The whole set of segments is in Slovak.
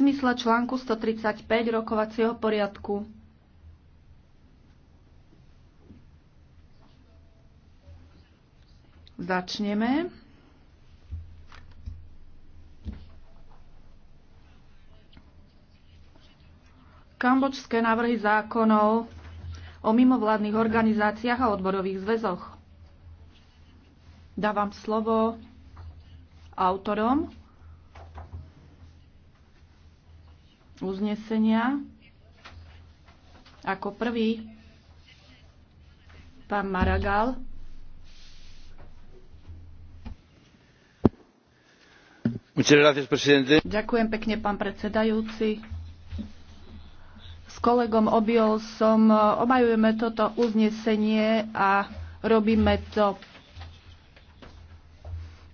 zmysle článku 135 rokovacieho poriadku. Začneme. Kambočské návrhy zákonov o mimovládnych organizáciách a odborových zväzoch. Dávam slovo autorom. uznesenia. Ako prvý pán Maragal. Ďakujem pekne, pán predsedajúci. S kolegom Obiol som eh, obajujeme toto uznesenie a robíme to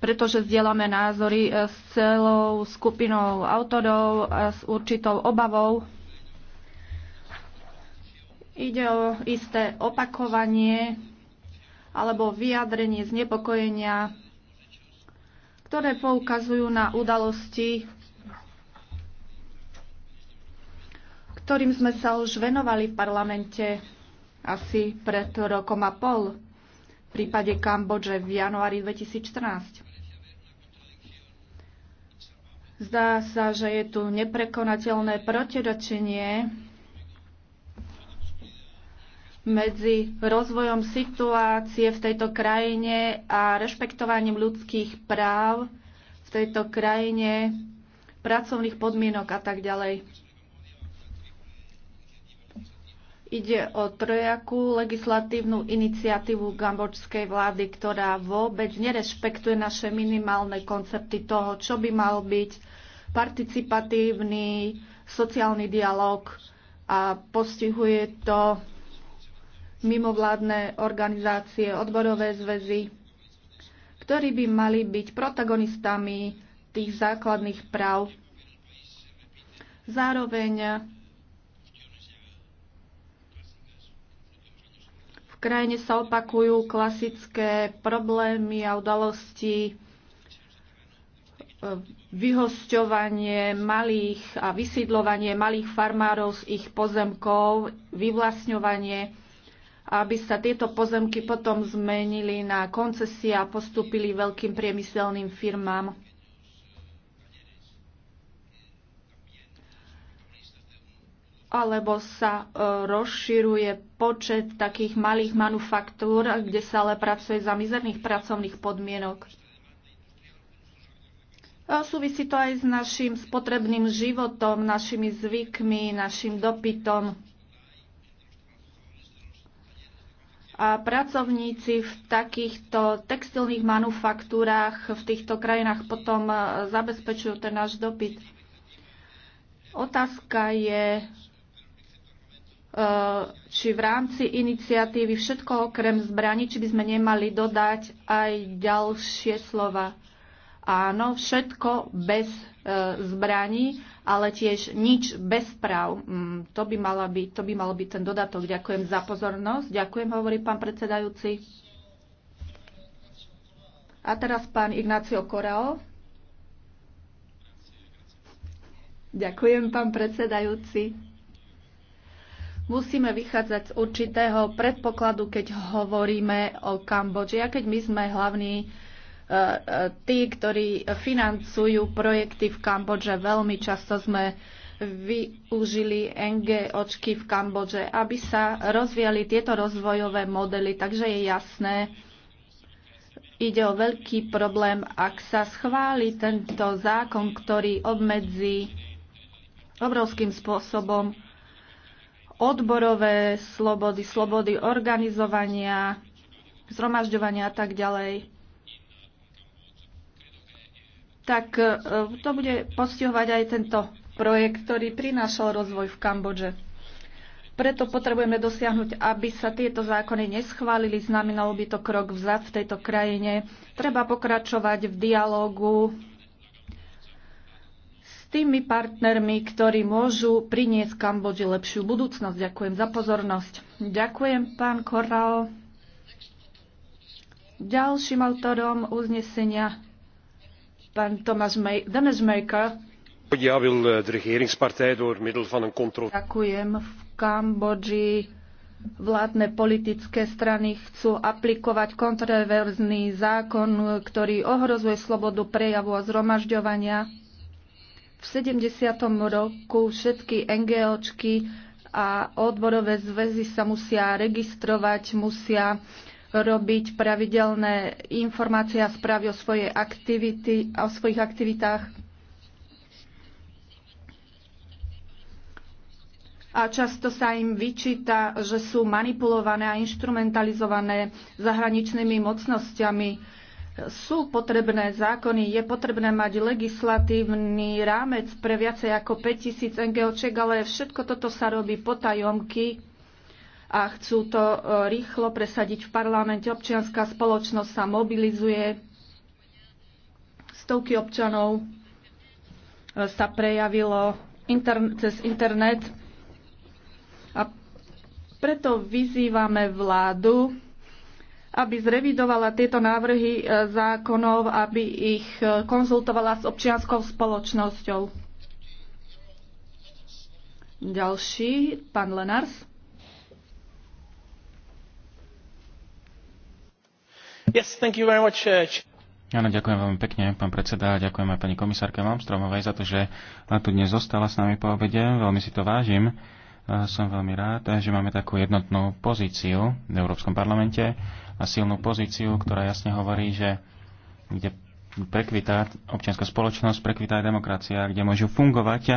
pretože zdieľame názory e, s celou skupinou autorov a s určitou obavou. Ide o isté opakovanie alebo vyjadrenie znepokojenia, ktoré poukazujú na udalosti, ktorým sme sa už venovali v parlamente asi pred rokom a pol v prípade Kambodže v januári 2014. Zdá sa, že je tu neprekonateľné protiročenie medzi rozvojom situácie v tejto krajine a rešpektovaním ľudských práv v tejto krajine, pracovných podmienok a tak ďalej. Ide o trojakú legislatívnu iniciatívu gambočskej vlády, ktorá vôbec nerešpektuje naše minimálne koncepty toho, čo by mal byť participatívny sociálny dialog a postihuje to mimovládne organizácie, odborové zväzy, ktorí by mali byť protagonistami tých základných práv. Zároveň krajine sa opakujú klasické problémy a udalosti e, vyhosťovanie malých a vysídlovanie malých farmárov z ich pozemkov, vyvlastňovanie, aby sa tieto pozemky potom zmenili na koncesie a postúpili veľkým priemyselným firmám. alebo sa e, rozširuje počet takých malých manufaktúr, kde sa ale pracuje za mizerných pracovných podmienok. Súvisí to aj s našim spotrebným životom, našimi zvykmi, našim dopytom. A pracovníci v takýchto textilných manufaktúrách v týchto krajinách potom e, zabezpečujú ten náš dopyt. Otázka je, Eh, či v rámci iniciatívy všetko okrem zbraní, či by sme nemali dodať aj ďalšie slova. Áno, všetko bez eh, zbraní, ale tiež nič bez práv. Mm, to by, mala byť, to by mal byť ten dodatok. Ďakujem za pozornosť. Ďakujem, hovorí pán predsedajúci. A teraz pán Ignácio Korao. Ďakujem, pán predsedajúci musíme vychádzať z určitého predpokladu, keď hovoríme o Kambodži. A keď my sme hlavní e, e, tí, ktorí financujú projekty v Kambodže, veľmi často sme využili NGOčky v Kambodže, aby sa rozvíjali tieto rozvojové modely. Takže je jasné, ide o veľký problém, ak sa schváli tento zákon, ktorý obmedzí obrovským spôsobom odborové slobody, slobody organizovania, zhromažďovania a tak ďalej, tak e, to bude postihovať aj tento projekt, ktorý prinášal rozvoj v Kambodže. Preto potrebujeme dosiahnuť, aby sa tieto zákony neschválili. Znamenalo by to krok vzad v tejto krajine. Treba pokračovať v dialógu s tými partnermi, ktorí môžu priniesť Kambodži lepšiu budúcnosť. Ďakujem za pozornosť. Ďakujem, pán Korral. Ďalším autorom uznesenia pán Tomáš May, Dennis Maker. Ja wil eh, de regeringspartij door middel van een controle. Ďakujem. V Kambodži vládne politické strany chcú aplikovať kontroverzný zákon, ktorý ohrozuje slobodu prejavu a zhromažďovania v 70. roku všetky NGOčky a odborové zväzy sa musia registrovať, musia robiť pravidelné informácie a správy o, svoje aktivity, o svojich aktivitách. A často sa im vyčíta, že sú manipulované a instrumentalizované zahraničnými mocnosťami sú potrebné zákony, je potrebné mať legislatívny rámec pre viacej ako 5000 NGOček, ale všetko toto sa robí potajomky a chcú to e, rýchlo presadiť v parlamente. Občianská spoločnosť sa mobilizuje, stovky občanov e, sa prejavilo cez internet a preto vyzývame vládu, aby zrevidovala tieto návrhy e, zákonov, aby ich e, konzultovala s občianskou spoločnosťou. Ďalší, pán Lenars. Yes, thank you very much. Uh, Áno, ďakujem veľmi pekne, pán predseda, a ďakujem aj pani komisárke Malmstromovej za to, že tu dnes zostala s nami po obede. Veľmi si to vážim som veľmi rád, že máme takú jednotnú pozíciu v Európskom parlamente a silnú pozíciu, ktorá jasne hovorí, že kde prekvitá občianská spoločnosť, prekvitá aj demokracia, kde môžu fungovať e,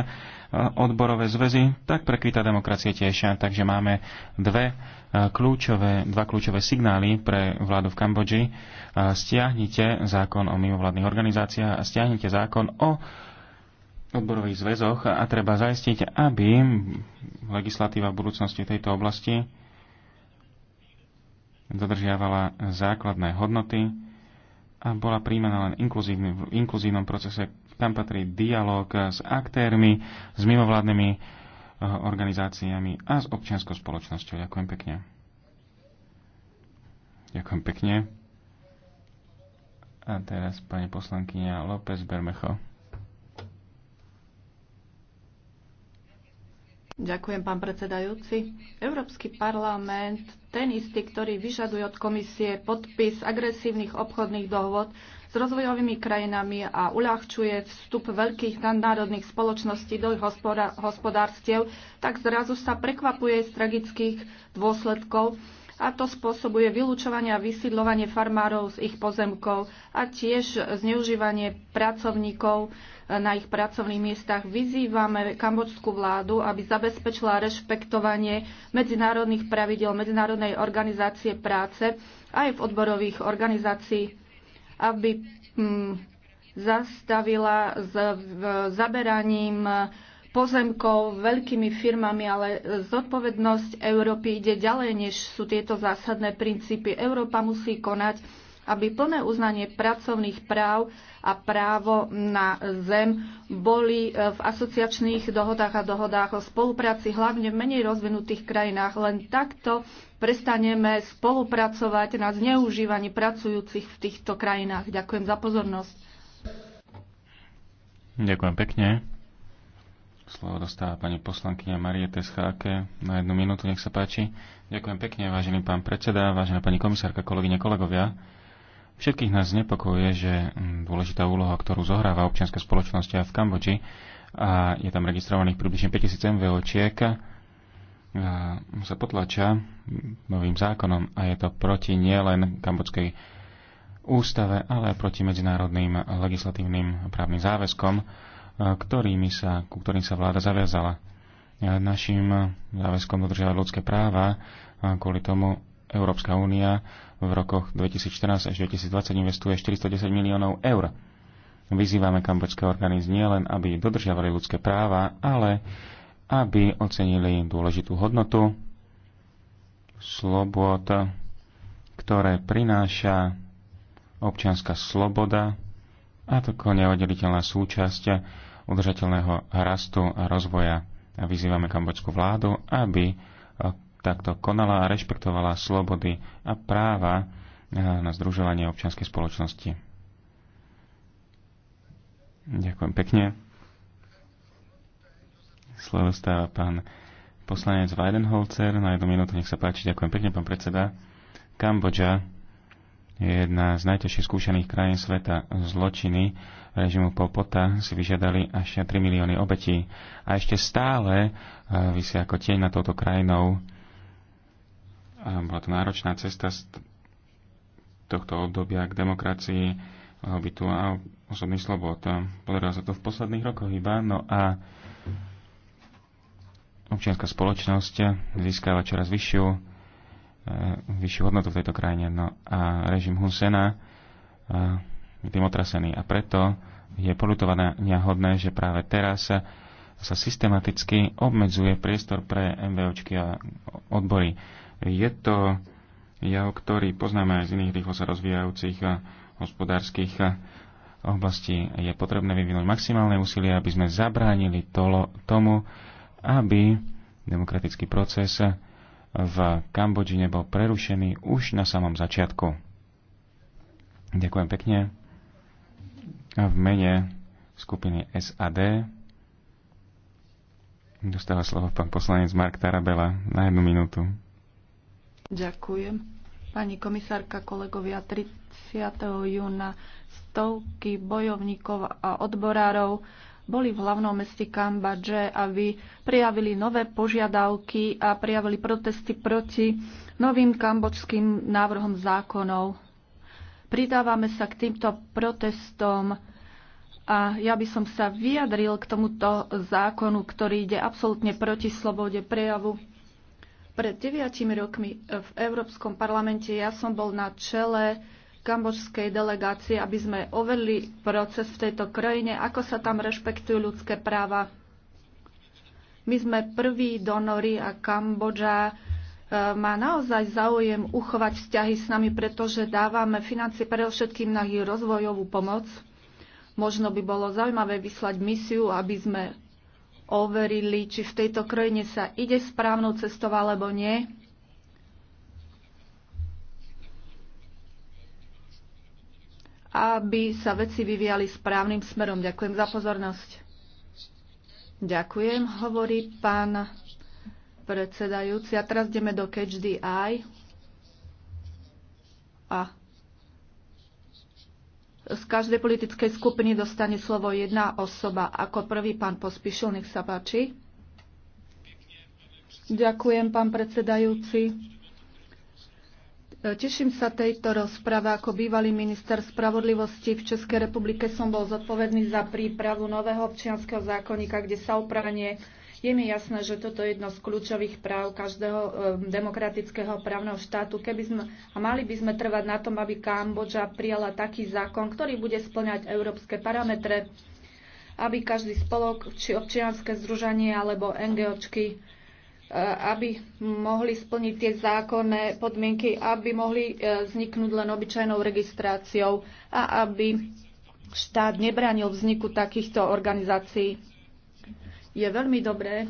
odborové zväzy, tak prekvitá demokracia tiež. Takže máme dve e, kľúčové, dva kľúčové signály pre vládu v Kambodži. Stiahnite zákon o mimovládnych organizáciách a stiahnite zákon o odborových zväzoch a treba zaistiť, aby legislatíva v budúcnosti v tejto oblasti dodržiavala základné hodnoty a bola príjmaná len v inkluzívnom procese. Tam patrí dialog s aktérmi, s mimovládnymi eh, organizáciami a s občianskou spoločnosťou. Ďakujem pekne. Ďakujem pekne. A teraz pani poslankyňa López Bermecho. Ďakujem, pán predsedajúci. Európsky parlament, ten istý, ktorý vyžaduje od komisie podpis agresívnych obchodných dohôd s rozvojovými krajinami a uľahčuje vstup veľkých nadnárodných spoločností do ich hospodárstiev, tak zrazu sa prekvapuje z tragických dôsledkov a to spôsobuje vylúčovanie a vysídlovanie farmárov z ich pozemkov a tiež zneužívanie pracovníkov e, na ich pracovných miestach. Vyzývame kambočskú vládu, aby zabezpečila rešpektovanie medzinárodných pravidel Medzinárodnej organizácie práce aj v odborových organizácií, aby mm, zastavila s zaberaním pozemkov veľkými firmami, ale zodpovednosť Európy ide ďalej, než sú tieto zásadné princípy. Európa musí konať, aby plné uznanie pracovných práv a právo na zem boli e, v asociačných dohodách a dohodách o spolupráci, hlavne v menej rozvinutých krajinách. Len takto prestaneme spolupracovať na zneužívaní pracujúcich v týchto krajinách. Ďakujem za pozornosť. Ďakujem pekne. Slovo dostáva pani poslankyňa Marie Tescháke na jednu minútu, nech sa páči. Ďakujem pekne, vážený pán predseda, vážená pani komisárka, kolegyne, kolegovia. Všetkých nás znepokojuje, že hm, dôležitá úloha, ktorú zohráva občianská spoločnosť v Kambodži, a je tam registrovaných približne 5000 MVOčiek, hm, sa potlača hm, novým zákonom a je to proti nielen kambodskej ústave, ale aj proti medzinárodným legislatívnym právnym záväzkom, ktorými sa, ku ktorým sa vláda zaviazala. Našim záväzkom dodržiavať ľudské práva, a kvôli tomu Európska únia v rokoch 2014 až 2020 investuje 410 miliónov eur. Vyzývame kambočské orgány nielen, aby dodržiavali ľudské práva, ale aby ocenili dôležitú hodnotu, slobod, ktoré prináša občianská sloboda a to neoddeliteľná súčasť udržateľného rastu a rozvoja a vyzývame kambočskú vládu, aby e, takto konala a rešpektovala slobody a práva e, na združovanie občianskej spoločnosti. Ďakujem pekne. Slovo stáva pán poslanec Weidenholzer. Na jednu minútu, nech sa páči. Ďakujem pekne, pán predseda. Kambodža je jedna z najťažšie skúšaných krajín sveta. Zločiny režimu Popota si vyžiadali až 3 milióny obetí. A ešte stále eh, vysia ako tieň na touto krajinou. A bola to náročná cesta z tohto obdobia k demokracii, obytu a osobný slobod. Podarilo sa to v posledných rokoch iba. No a občianská spoločnosť získava čoraz vyššiu Eh, vyššiu hodnotu v tejto krajine. No a režim Husena eh, je tým otrasený. A preto je polutované nehodné, že práve teraz sa systematicky obmedzuje priestor pre MVOčky a odbory. Je to jav, ktorý poznáme aj z iných rýchlo sa rozvíjajúcich eh, hospodárskych oblastí. Je potrebné vyvinúť maximálne úsilie, aby sme zabránili tolo, tomu, aby demokratický proces v Kambodži nebol prerušený už na samom začiatku. Ďakujem pekne. A v mene skupiny SAD dostáva slovo pán poslanec Mark Tarabela na jednu minútu. Ďakujem. Pani komisárka, kolegovia, 30. júna stovky bojovníkov a odborárov boli v hlavnom meste Kambadže, aby prijavili nové požiadavky a prijavili protesty proti novým kambočským návrhom zákonov. Pridávame sa k týmto protestom a ja by som sa vyjadril k tomuto zákonu, ktorý ide absolútne proti slobode prejavu. Pred deviatimi rokmi v Európskom parlamente ja som bol na čele kambožskej delegácie, aby sme overili proces v tejto krajine, ako sa tam rešpektujú ľudské práva. My sme prví donory a Kambodža e, má naozaj záujem uchovať vzťahy s nami, pretože dávame financie predovšetkým na ich rozvojovú pomoc. Možno by bolo zaujímavé vyslať misiu, aby sme overili, či v tejto krajine sa ide správnou cestou alebo nie aby sa veci vyvíjali správnym smerom. Ďakujem za pozornosť. Ďakujem, hovorí pán predsedajúci. A teraz ideme do Catch the Eye. A z každej politickej skupiny dostane slovo jedna osoba. Ako prvý pán Pospíšil, nech sa páči. Ďakujem, pán predsedajúci. Teším sa tejto rozprave. Ako bývalý minister spravodlivosti v Českej republike som bol zodpovedný za prípravu nového občianského zákonníka, kde sa opranie. Je mi jasné, že toto je jedno z kľúčových práv každého e, demokratického právneho štátu. Keby sme, a mali by sme trvať na tom, aby Kambodža prijala taký zákon, ktorý bude splňať európske parametre, aby každý spolok či občianske združanie alebo NGOčky aby mohli splniť tie zákonné podmienky, aby mohli e, vzniknúť len obyčajnou registráciou a aby štát nebránil vzniku takýchto organizácií. Je veľmi dobré,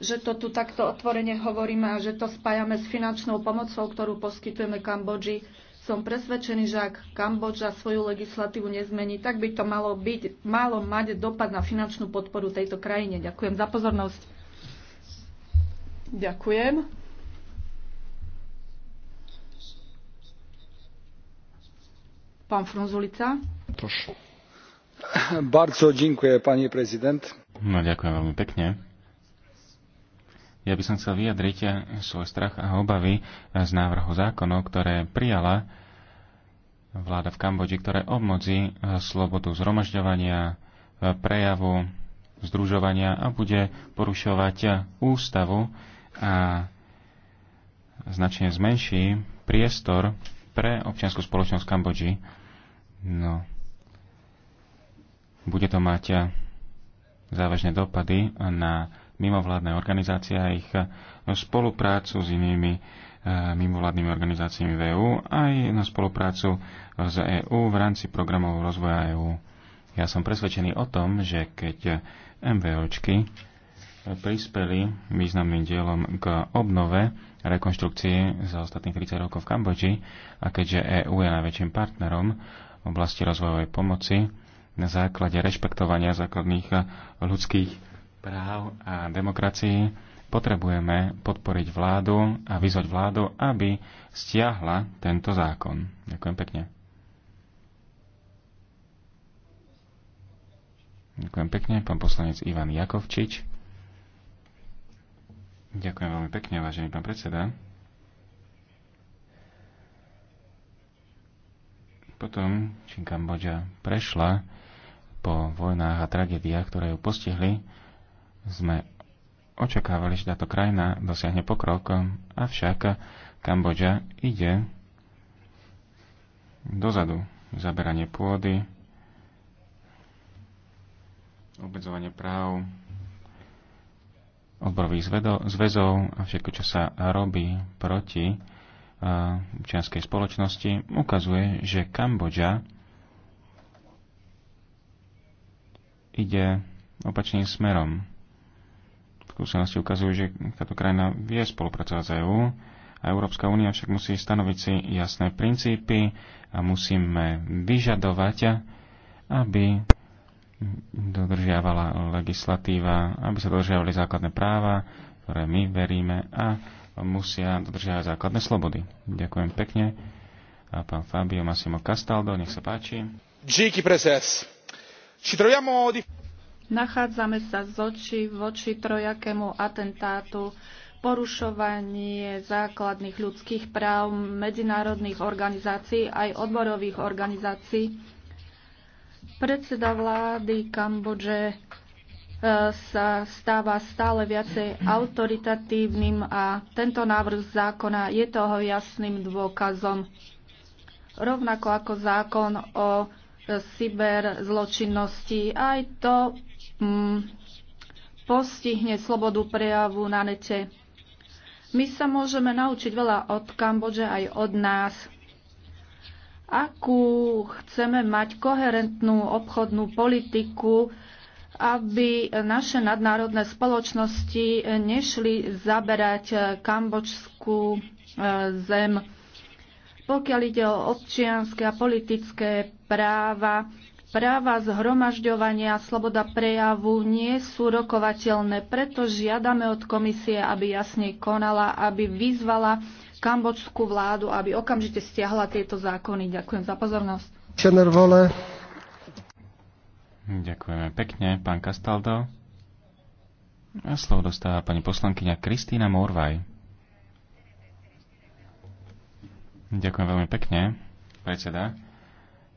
že to tu takto otvorene hovoríme a že to spájame s finančnou pomocou, ktorú poskytujeme Kambodži. Som presvedčený, že ak Kambodža svoju legislatívu nezmení, tak by to malo, byť, malo mať dopad na finančnú podporu tejto krajine. Ďakujem za pozornosť. Ďakujem. Pán Frunzulica. Prosím. Bardzo dziękuję, pani prezident. No, ďakujem veľmi pekne. Ja by som chcel vyjadriť svoj strach a obavy z návrhu zákonov, ktoré prijala vláda v Kambodži, ktoré obmodzí slobodu zhromažďovania, prejavu, združovania a bude porušovať ústavu, a značne zmenší priestor pre občianskú spoločnosť v Kambodži. No, bude to mať závažné dopady na mimovládne organizácie a ich spoluprácu s inými e, mimovládnymi organizáciami v EÚ aj na spoluprácu s EÚ v rámci programov rozvoja EÚ. Ja som presvedčený o tom, že keď MVOčky prispeli významným dielom k obnove rekonštrukcie rekonštrukcii za ostatných 30 rokov v Kambodži a keďže EÚ je najväčším partnerom v oblasti rozvojovej pomoci na základe rešpektovania základných ľudských práv a demokracií potrebujeme podporiť vládu a vyzvať vládu, aby stiahla tento zákon. Ďakujem pekne. Ďakujem pekne, pán poslanec Ivan Jakovčič. Ďakujem veľmi pekne, vážený pán predseda. Potom, čím Kambodža prešla po vojnách a tragédiách, ktoré ju postihli, sme očakávali, že táto krajina dosiahne pokrok, avšak Kambodža ide dozadu. Zaberanie pôdy, obmedzovanie práv, odborových zväzov a všetko, čo sa robí proti e, občianskej spoločnosti, ukazuje, že Kambodža ide opačným smerom. Skúsenosti ukazujú, že táto krajina vie spolupracovať s EÚ a Európska únia však musí stanoviť si jasné princípy a musíme vyžadovať, aby dodržiavala legislatíva, aby sa dodržiavali základné práva, ktoré my veríme a musia dodržiavať základné slobody. Ďakujem pekne. A pán Fabio Massimo Castaldo, nech sa páči. Nachádzame sa z oči v oči trojakému atentátu porušovanie základných ľudských práv medzinárodných organizácií aj odborových organizácií Predseda vlády Kambodže e, sa stáva stále viacej autoritatívnym a tento návrh zákona je toho jasným dôkazom. Rovnako ako zákon o cyberzločinnosti, aj to mm, postihne slobodu prejavu na nete. My sa môžeme naučiť veľa od Kambodže aj od nás akú chceme mať koherentnú obchodnú politiku, aby naše nadnárodné spoločnosti nešli zaberať kambočskú e, zem. Pokiaľ ide o občianské a politické práva, práva zhromažďovania a sloboda prejavu nie sú rokovateľné, preto žiadame od komisie, aby jasne konala, aby vyzvala kambočskú vládu, aby okamžite stiahla tieto zákony. Ďakujem za pozornosť. Čenervole. Ďakujeme pekne, pán Kastaldo. A slovo dostáva pani poslankyňa Kristýna Morvaj. Ďakujem veľmi pekne, predseda.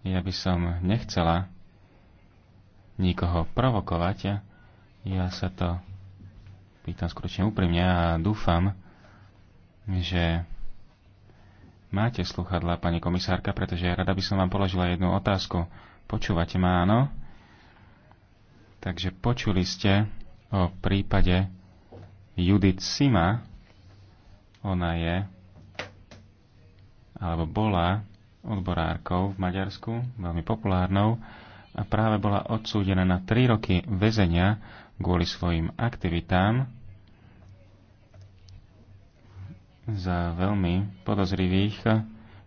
Ja by som nechcela nikoho provokovať. Ja sa to pýtam skutočne úprimne a dúfam, že Máte sluchadla, pani komisárka, pretože ja rada by som vám položila jednu otázku. Počúvate ma, áno? Takže počuli ste o prípade Judith Sima. Ona je, alebo bola odborárkou v Maďarsku, veľmi populárnou, a práve bola odsúdená na 3 roky väzenia kvôli svojim aktivitám, za veľmi podozrivých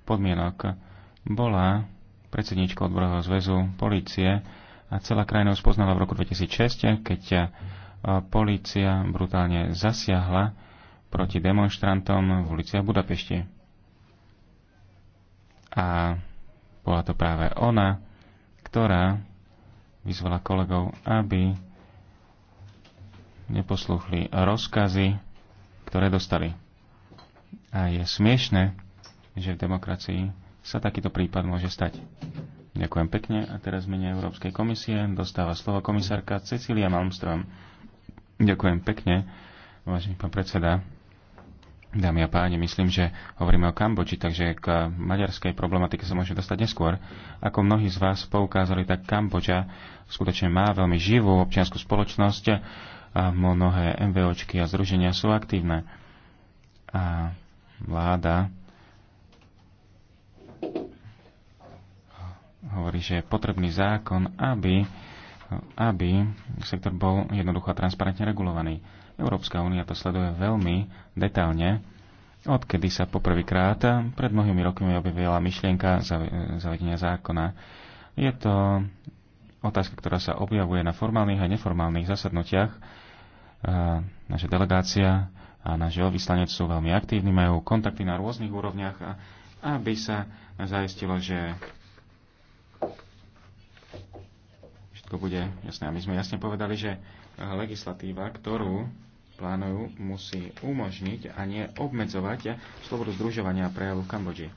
podmienok. Bola predsedničkou odborového zväzu polície a celá krajina spoznala v roku 2006, keď eh, polícia brutálne zasiahla proti demonstrantom v uliciach Budapešti. A bola to práve ona, ktorá vyzvala kolegov, aby neposluchli rozkazy, ktoré dostali. A je smiešne, že v demokracii sa takýto prípad môže stať. Ďakujem pekne a teraz mene Európskej komisie dostáva slovo komisárka Cecília Malmström. Ďakujem pekne, vážený pán predseda. Dámy a páni, myslím, že hovoríme o Kambodži, takže k maďarskej problematike sa môžeme dostať neskôr. Ako mnohí z vás poukázali, tak Kambodža skutočne má veľmi živú občianskú spoločnosť a mnohé MVOčky a združenia sú aktívne. A vláda hovorí, že je potrebný zákon, aby, aby sektor bol jednoducho a transparentne regulovaný. Európska únia to sleduje veľmi detailne, odkedy sa poprvýkrát pred mnohými rokmi objavila myšlienka zavedenia zákona. Je to otázka, ktorá sa objavuje na formálnych a neformálnych zasadnutiach. Naša delegácia a naši veľvyslanec sú veľmi aktívni, majú kontakty na rôznych úrovniach, a, aby sa zaistilo, že všetko bude jasné. A my sme jasne povedali, že legislatíva, ktorú plánujú, musí umožniť a nie obmedzovať slobodu združovania a prejavu v Kambodži.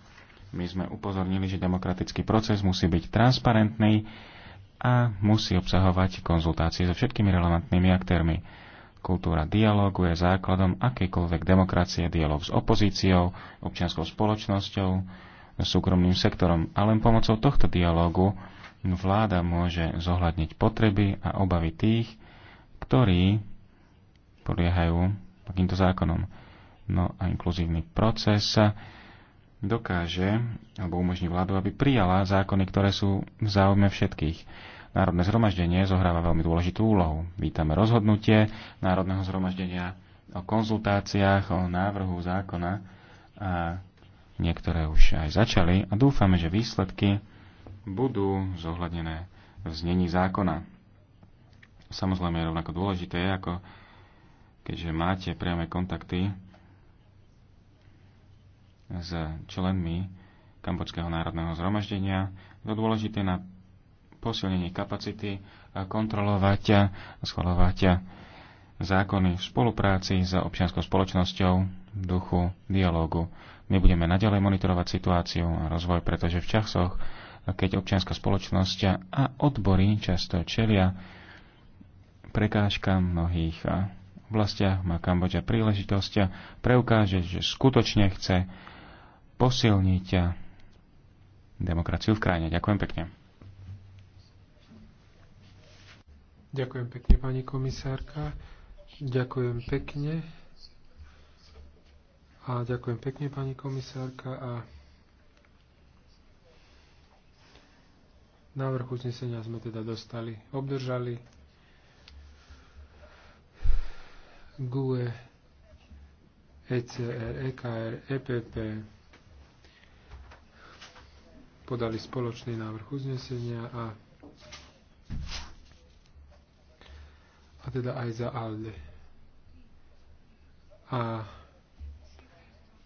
My sme upozornili, že demokratický proces musí byť transparentný a musí obsahovať konzultácie so všetkými relevantnými aktérmi. Kultúra dialógu je základom akejkoľvek demokracie, dialóg s opozíciou, občianskou spoločnosťou, súkromným sektorom. A len pomocou tohto dialógu vláda môže zohľadniť potreby a obavy tých, ktorí podliehajú takýmto zákonom. No a inkluzívny proces dokáže alebo umožní vládu, aby prijala zákony, ktoré sú v záujme všetkých. Národné zhromaždenie zohráva veľmi dôležitú úlohu. Vítame rozhodnutie Národného zhromaždenia o konzultáciách, o návrhu zákona a niektoré už aj začali a dúfame, že výsledky budú zohľadnené v znení zákona. Samozrejme je rovnako dôležité, ako keďže máte priame kontakty s členmi Kambočského národného zhromaždenia, to dôležité na posilnenie kapacity kontrolovať a schvalovať zákony v spolupráci s občianskou spoločnosťou v duchu dialógu. My budeme naďalej monitorovať situáciu a rozvoj, pretože v časoch, keď občianská spoločnosť a odbory často čelia prekážka mnohých oblastiach, má Kambodža príležitosť a preukáže, že skutočne chce posilniť demokraciu v krajine. Ďakujem pekne. Ďakujem pekne, pani komisárka. Ďakujem pekne. A ďakujem pekne, pani komisárka. A návrh uznesenia sme teda dostali, obdržali. GUE, ECR, EKR, EPP podali spoločný návrh uznesenia a a teda aj za Alde. A